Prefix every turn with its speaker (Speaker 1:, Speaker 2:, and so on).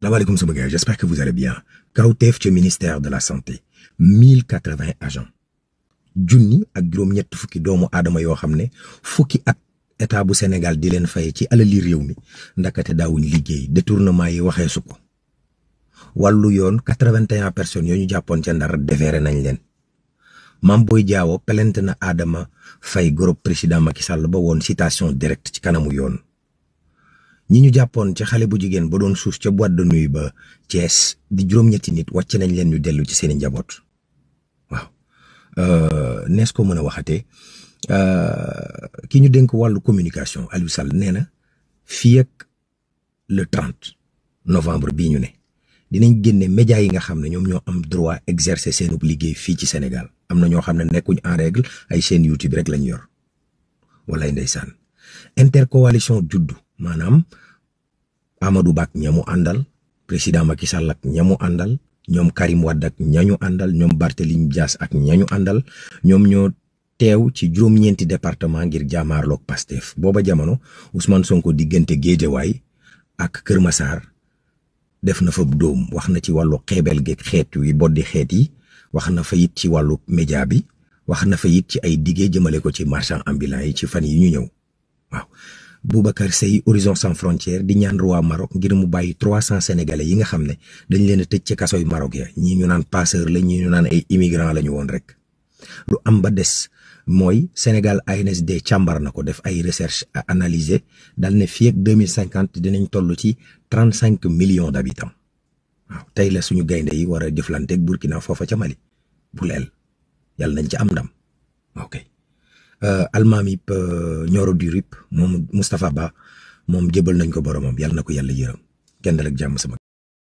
Speaker 1: Navalikum Soubegay, j'espère que vous allez bien. Kawtef ci ministère de la santé 1080 agents junni ak juróom-ñett fukki doomu aadama yoo xam ne fukki at état bu Sénégal di leen fay ci alali réew mi ndakate daawuñ liggéey détournement yi waxee su ko wàllu yoon 81 personnes yoo ñu jàppoon ca ndar defeere nañ leen Mame Boye Diao pelente na Adama Faye groupe président Macky Sall ba woon citation direct ci kanamu yoon. ñi ñu jàppoon ci xale bu jigéen ba doon suus ca boîte de nuit ba Thiès di juróom-ñetti nit wàcc nañ leen ñu dellu ci seeni njaboot waaw euh, nees ko mën a waxatee euh, ki ñu dénk wàllu communication Aliou Sall nee na fii ak le 30 novembre bii ñu ne dinañ génne médias yi nga xam ne ñoom ñoo am droit exercer seenub liggéey fii ci Sénégal am na ñoo xam ne nekkuñu en règle ay chaîne YouTube rek lañu yor wala ndeysaan intercoalition juddu. maanaam Amadou Ba ñamu àndal président Macky Sall ak ñamu àndal ñoom Karim Wade ak ñañu àndal ñoom Barthélémy jaas ak ñañu àndal ñoom ñoo teew ci juróom-ñeenti département ngir jaamaarloog Pastef booba jamono Ousmane Sonko diggante Géejawaay ak Kër Massar def na fa dóom wax na ci wàllu xeebel geeg xeet wi boddi xeet yi wax na fa it ci wàllu média bi wax na fa it ci ay diggee jëmale ko ci marchand ambulant yi ci fan yi ñu ñëw Boubacar Sey Horizon Sans Frontières di ñaan roi Maroc ngir mu sénégalais yi nga xamné dañ leen a ci kasso yu Maroc ya ñi ñu passeur la ñu ay la won rek lu am ba Sénégal na def ay recherche à analyser dal né fi ak 2050, dinañ ci millions d'habitants waaw la suñu gaynde yi wara ak Burkina ca Mali bu les ci am ndam ok Euh, almaami ñoro euh, du rip moom Moustapha Ba moom jébal nañ ko moom yàlla na ko yàlla yërëm kenn dal ak jàmm sama